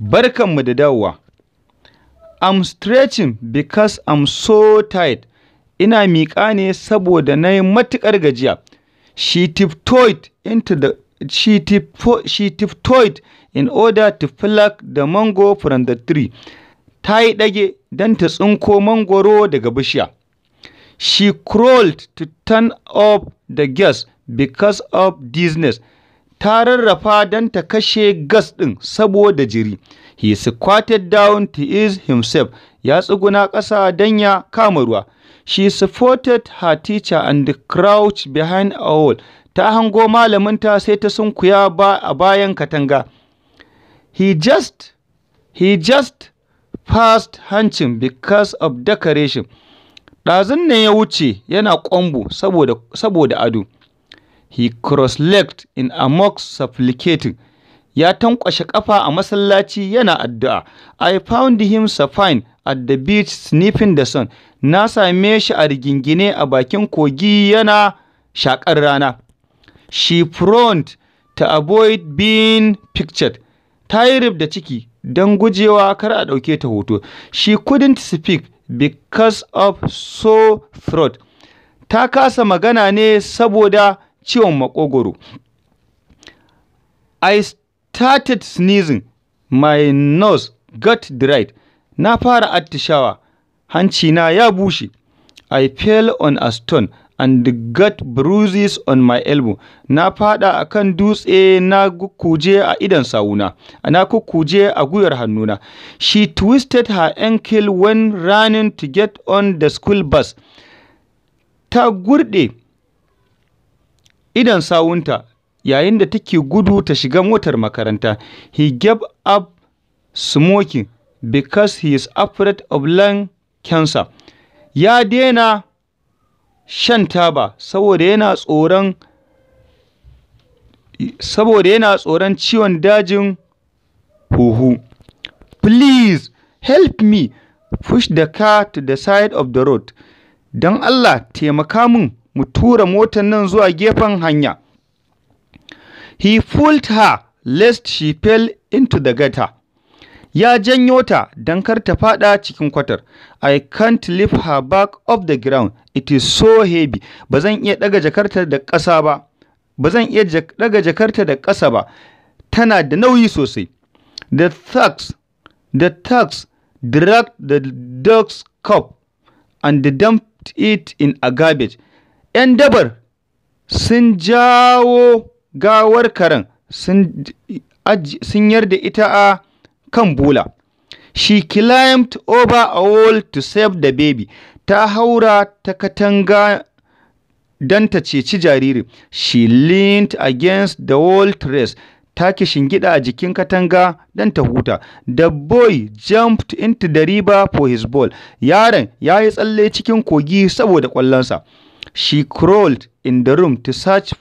Barkan mu da dawowa. I'm stretching because I'm so tired. Ina miƙa ne saboda na yi matuƙar gajiya. She tiptoed into the she, tipo, she tiptoed in order to pluck the mango from the tree. Ta yi ɗage don ta tsinko mangoro daga bishiya. She crawled to turn off the gas because of dizziness. ta rarrafa don ta kashe gas ɗin saboda jiri. He squatted down to ease himself, ya tsuguna ƙasa don ya kama ruwa. She supported her teacher and crouched behind a wall. Ta hango malaminta sai ta sunkuya ba a bayan katanga. He just, he just passed hancin because of decoration. Ɗazun ne ya wuce yana ƙwambo saboda ado. He cross-legged in a mock supplicating, ya tankwashe ƙafa a masallaci yana addu'a. I found him supine at the beach sniffing the sun. Na same shi a rigingine a bakin kogi yana shaƙar rana. She front to avoid being pictured. Ta yi da ciki don gujewa kar a ɗauke ta hoto. She couldn't speak because of sore throat. Ta kasa magana ne saboda ciwon makogoro. I started sneezing. My nose got dried. Na fara attishawa. na ya bushe. I fell on a stone and got bruises on my elbow. Na fada a kan dutse na kuje a idon sawuna, na kuje a guyar hannuna. She twisted her ankle when running to get on the school bus. Ta gurɗe idon sawunta yayin da take gudu ta shiga motar makaranta. He gave up smoking because he is afraid of lung cancer. Ya daina shan taba saboda yana tsoron saboda yana tsoron ciwon dajin huhu. Please help me push the car to the side of the road. Don Allah taimaka min mu tura motar nan zuwa gefen hanya. He pulled her lest she fell into the gutter. Ya janyo ta don kar ta fada cikin kwatar. I can't lift her back off the ground. It is so heavy. Ba zan iya daga jakarta da ƙasa ba. Ba zan iya daga jakarta da ƙasa ba. Tana da nauyi sosai. The thugs, the thugs dragged the dog's cup and dumped it in a garbage. ‘yan dabar sun jawo gawar karen sun yarda ita a kan bula. She climbed over a wall to save the baby. Ta haura ta katanga don ta ceci jaririn. She leaned against the wall to rest. Ta shingida a jikin katanga don ta huta. The boy jumped into the river for his ball. Yaron ya yi tsalle cikin kogi saboda ƙwallonsa. She crawled in the room to search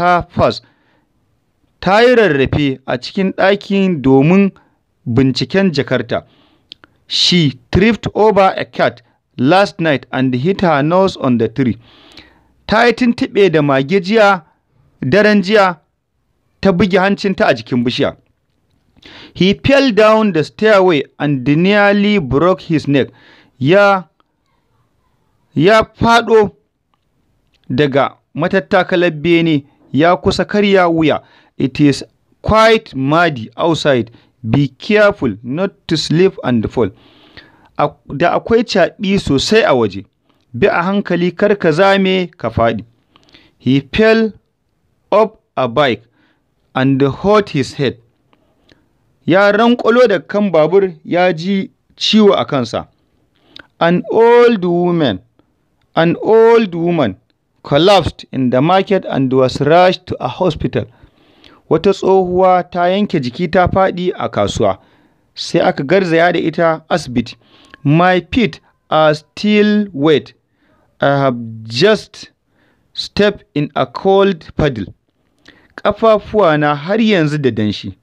her purse. Ta yi rarrafe a cikin ɗakin domin binciken jakarta. She tripped over a cat last night and hit her nose on the tree. Ta yi tuntuɓe da mage daren jiya ta buge hancinta a jikin bishiya. He fell down the stairway and nearly broke his neck. Ya ya faɗo daga matattakalar bene ya kusa karya wuya. It is quite muddy outside. Be careful not to slip and fall. Da akwai caɓi sosai a waje, bi a hankali kar ka zame ka faɗi. He fell up a bike and hurt his head. ya rankwalo da kan babur ya ji ciwo a kansa. An old woman, an old woman collapsed in the market and was rushed to a hospital. Wata tsohuwa ta yanke jiki ta faɗi a kasuwa, sai aka garzaya da ita asibiti. My feet are still wet. I have just stepped in a cold puddle. Ƙafafuwa na har yanzu da danshi.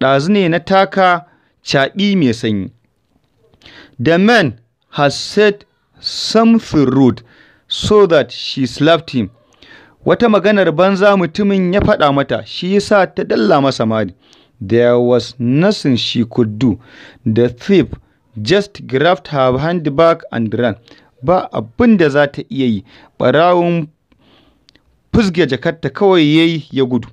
ɗazu ne na taka caɓi mai sanyi. The man has said something rude so that she slapped him. Wata maganar banza mutumin ya faɗa mata, shi yasa ta dalla masa mari. There was nothing she could do. The thief just grabbed her handbag and ran. Ba abin da za ta iya yi, ɓarawun fusge jakarta kawai ya yi ya gudu.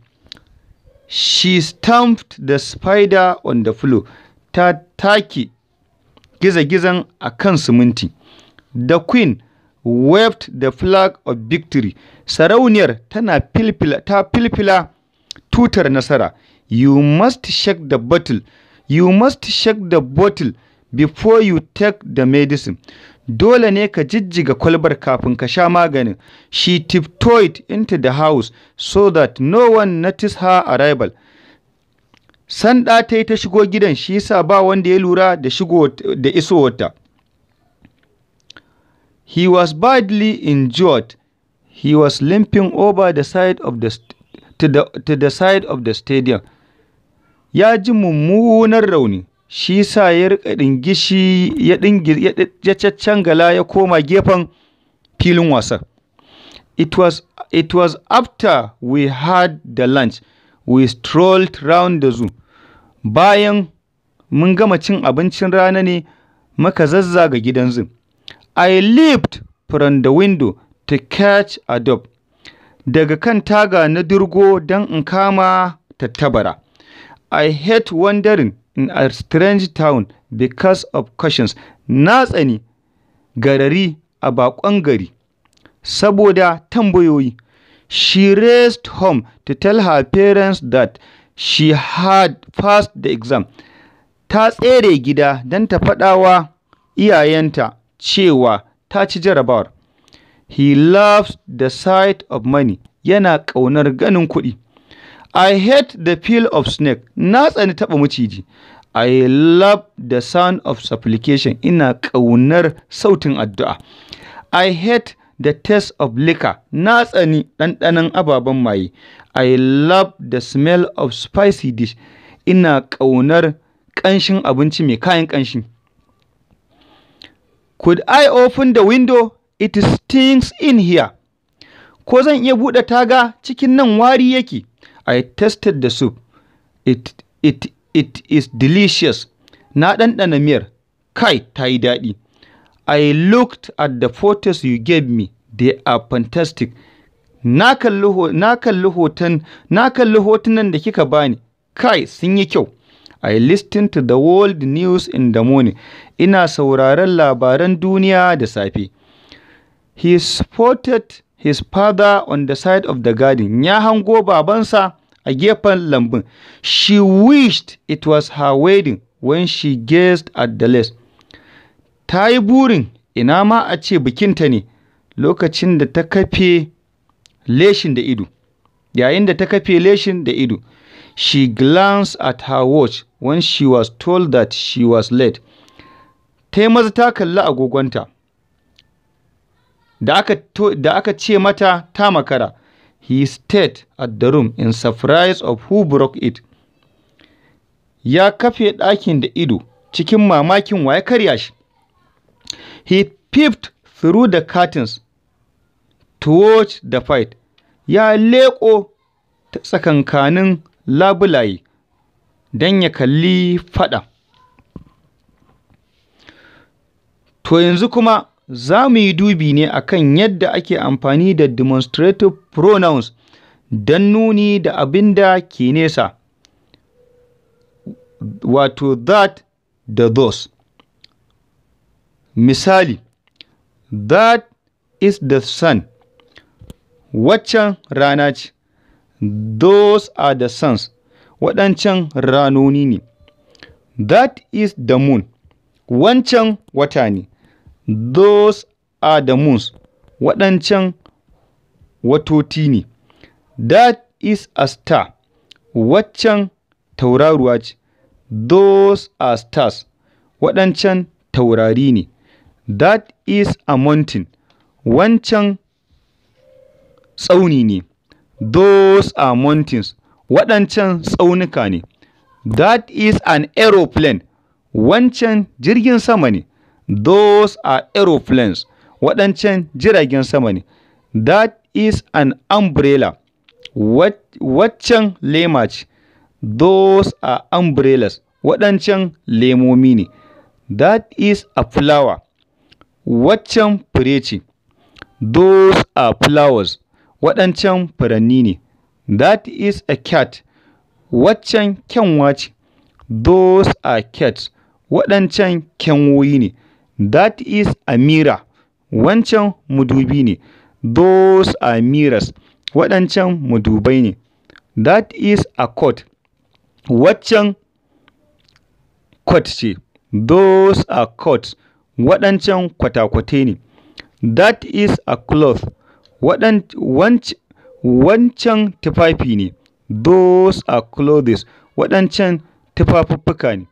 She stamped the spider on the floor. Ta take gizagizan a kan siminti. The Queen waved the flag of victory. Sarauniyar tana filfila ta filfila tutar nasara. You must shake the bottle. You must shake the bottle before you take the medicine. dole ne ka jijjiga kwalbar kafin ka sha maganin. She tiptoed into the house so that no one noticed her arrival. Sanda ta yi ta shigo gidan shi yasa ba wanda ya lura da shigo da isowarta. He was badly injured. He was limping over the side of the to the, to the side of the stadium. Ya ji mummunar rauni. shi sa ya riƙa ɗingishi ya caccangala ya koma gefen filin wasan. It was, after we had the lunch, we strolled round the zoo. Bayan mun gama cin abincin rana ne muka zazzaga gidan zin I leaped from the window to catch a dog. Daga kan taga na durgo don in kama tattabara. I hate wandering in a strange town because of cautions. Na tsani garari a baƙon gari saboda tambayoyi. She raced home to tell her parents that she had passed the exam. Ta tsere gida don ta faɗawa iyayenta cewa ta ci jarabawar. He loves the sight of money. Yana ƙaunar ganin kuɗi. I hate the feel of snake. Na tsani taɓa maciji. I love the sound of supplication. Ina ƙaunar sautin addu'a. I hate the taste of liquor. Na tsani ɗanɗanon ababen maye. I love the smell of spicy dish. Ina ƙaunar ƙanshin abinci mai kayan ƙanshi. Could I open the window? It stinks in here. Ko zan iya buɗe taga cikin nan wari yake. I tested the soup. It, it, it is delicious. Na ɗanɗana miyar. Kai, ta yi daɗi. I looked at the photos you gave me. They are fantastic. Na kalli hotunan da kika bani. Kai, sun yi kyau. I listen to the world news in the morning. Ina sauraron labaran duniya da safe. He spotted his father on the side of the garden, ya hango babansa a gefen lambun. She wished it was her wedding when she gazed at the lace. Ta yi burin ina ma a ce bikinta ne lokacin da ta kafe leshin da ido. Yayin da ta kafe leshin da ido, she glanced at her watch when she was told that she was late. Ta maza ta kalli agogonta. da aka ce mata ta makara. He stayed at the room in surprise of who broke it. Ya kafe ɗakin da ido cikin mamakin waye karya shi. He peeped through the curtains to watch the fight. Ya leƙo ta tsakankanin labulaye don ya kalli faɗa. To yanzu kuma za mu yi dubi ne a kan yadda ake amfani da demonstrative pronouns don nuni da abin da ke nesa, wato that da those. Misali, that is the sun, waccan rana ce, those are the suns, waɗancan ranoni ne, that is the moon, wancan wata ne. Those are the moons. Waɗancan watoti ne. That is a star. Waccan tauraruwa ce. Those are stars. Waɗancan taurari ne. That is a mountain. Wancan tsauni ne. Those are mountains. Waɗancan tsaunuka ne. That is an aeroplane. Wancan jirgin sama ne. Those are aeroplanes. Waɗancan jiragen sama ne. That is an umbrella. Waccan lema ce. Those are umbrellas. Waɗancan lemomi ne. That is a flower. Waccan fure ce. Those are flowers. Waɗancan furanni ne. That is a cat. Waccan kyanwa ce. Those are cats. Waɗancan kyanwoyi ne. That is a mirror. Wancan madubi ne. Those are mirrors. Waɗancan madubai ne. That is a coat. Waccan coat ce. Those are coats. Waɗancan kwatakwate ne. That is a cloth. Wancan tufafi ne. Those are clothes. Waɗancan tufafuffuka ne.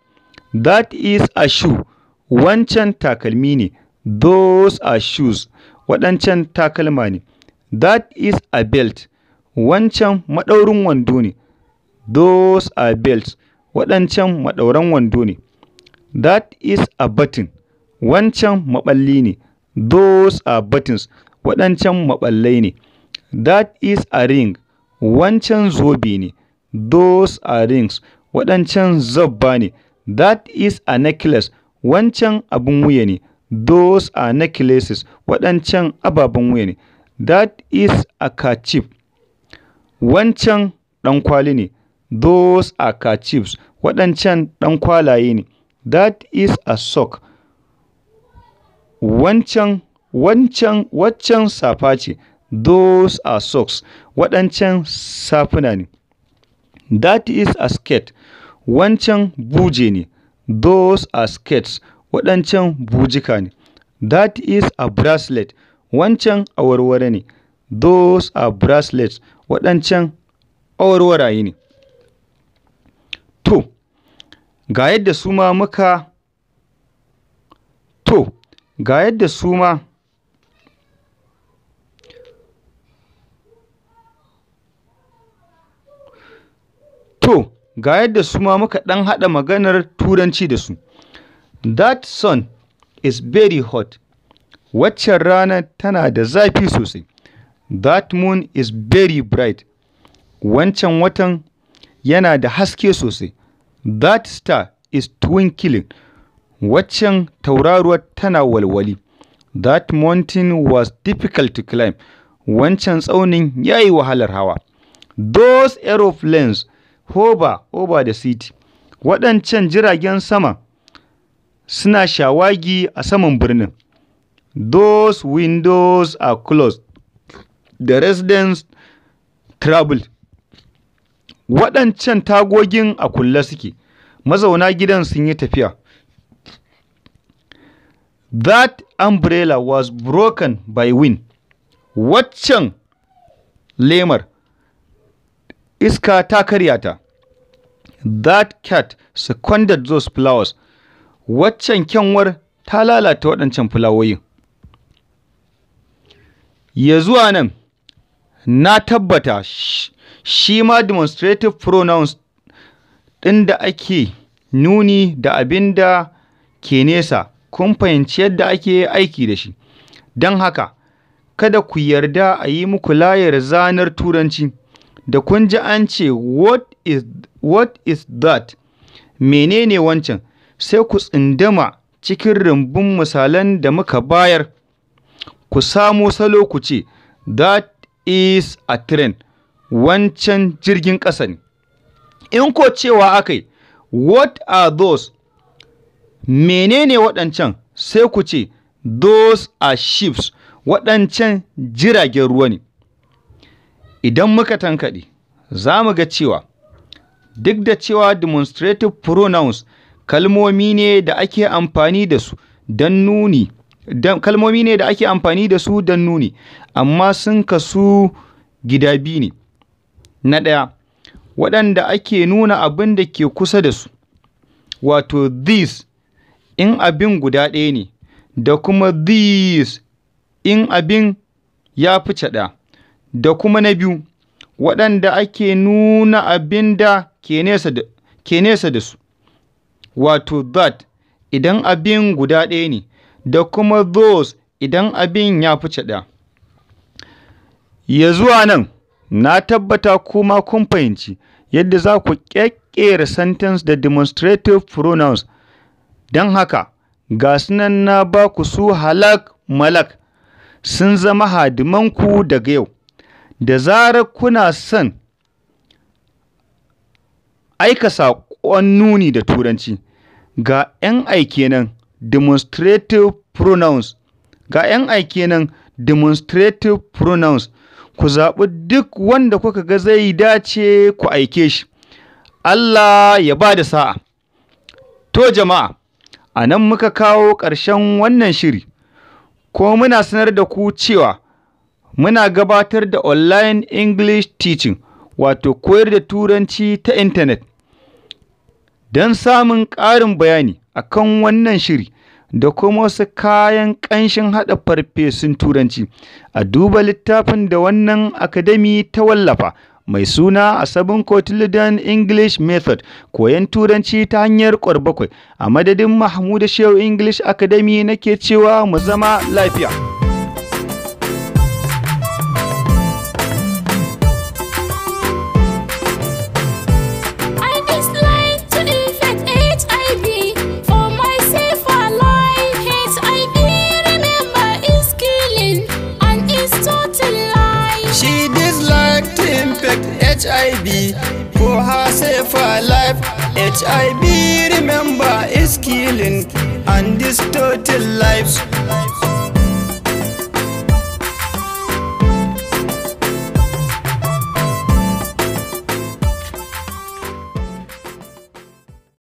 That is a shoe. Wancan takalmi ne. Those are shoes. Waɗancan takalma ne. That is a belt. Wancan maɗaurin wando ne. Those are belts. Waɗancan maɗauran wando ne. That is a button. Wancan maɓalli ne. Those are buttons. Waɗancan maɓallai ne. That is a ring. Wancan zobe ne. Those are rings. Waɗancan zabba ne. That is a necklace. Wancan abin wuya ne. Those are necklaces. Waɗancan ababen wuya ne. That is a kerchief. Wancan kwali ne. Those are kerchiefs. Waɗancan ɗankwalaye ne. That is a sock. Wancan, wancan, waccan safa ce. Those are socks. Waɗancan safuna ne. That is a skirt. Wancan buje ne. Those are skates, waɗancan bujika ne. That is a bracelet, wancan awarwara ne. Those are bracelets, waɗancan awarwaraye ne. To, ga yadda su ma muka To, ga yadda su ma To, ga yadda su ma muka ɗan haɗa maganar Turanci da su. That sun is very hot. Waccan rana tana da zafi sosai. That moon is very bright. Wancan watan yana da haske sosai. That star is twinkling. Waccan tauraruwa tana walwali. That mountain was difficult to climb. Wancan tsaunin ya yi wahalar hawa. Those aeroplanes hoba over the City. Waɗancan jiragen sama suna shawagi a saman birnin. Those windows are closed. The residents travel. Waɗancan tagogin a kulle suke. Mazauna gidan sun yi tafiya. That umbrella was broken by wind. Waccan lemar iska ta karya ta. That cat seconded those flowers. Waccan kyanwar ta lalata waɗancan fulawoyi. Ya zuwa nan, na tabbata shi ma demonstrative pronouns ɗin da ake nuni da abin da ke nesa, kun fahimci yadda ake aiki da shi. Don haka, kada ku yarda a yi muku layar zanar Turanci. Da kun ji an ce “What is that?” Menene wancan?) sai ku tsindama cikin rumbun misalan da muka bayar, ku samo salo ku ce “That is a train” (wancan jirgin ƙasa ne). In ko cewa aka yi “What are those?” Menene waɗancan?) sai ku ce “Those are ships” (waɗancan jiragen ruwa ne). Idan muka tankaɗe, za mu ga cewa duk da cewa demonstrative pronouns kalmomi ne da ake amfani da su don nuni kalmomi ne da ake amfani da su don nuni amma sun kasu gida biyu ne na ɗaya waɗanda ake nuna abin da ke kusa da su wato this in abin guda ɗaya ne da kuma this in abin ya fi ɗaya da kuma na biyu, waɗanda ake nuna abin da ke nesa da su, wato that idan abin guda ɗaya ne, da kuma those idan abin ya fice ɗaya. Ya zuwa nan, na tabbata kuma kun fahimci yadda za ku ƙyaƙƙera sentence da demonstrative pronouns, don haka ga sunan na ba ku su halak malak sun zama hadimanku daga yau. Da zarar kuna son aika saƙon nuni da Turanci, ga 'yan aike nan demonstrative pronouns, ga 'yan aike nan demonstrative pronouns, ku zaɓi duk wanda kuka ga zai dace ku aike shi. Allah ya ba da sa'a. To jama'a, a nan muka kawo ƙarshen wannan shiri, ko muna sanar da ku cewa muna gabatar da online English teaching, wato koyar da Turanci ta intanet. Don samun ƙarin bayani akan wannan shiri da kuma wasu kayan ƙanshin haɗa farfesun Turanci, a duba littafin da wannan akademi ta wallafa. mai suna a sabon Cotillion English Method koyon turanci ta hanyar bakwai a madadin Mahmuda Shehu English Academy nake cewa mu zama lafiya. for life HIV remember is killing and distorted lives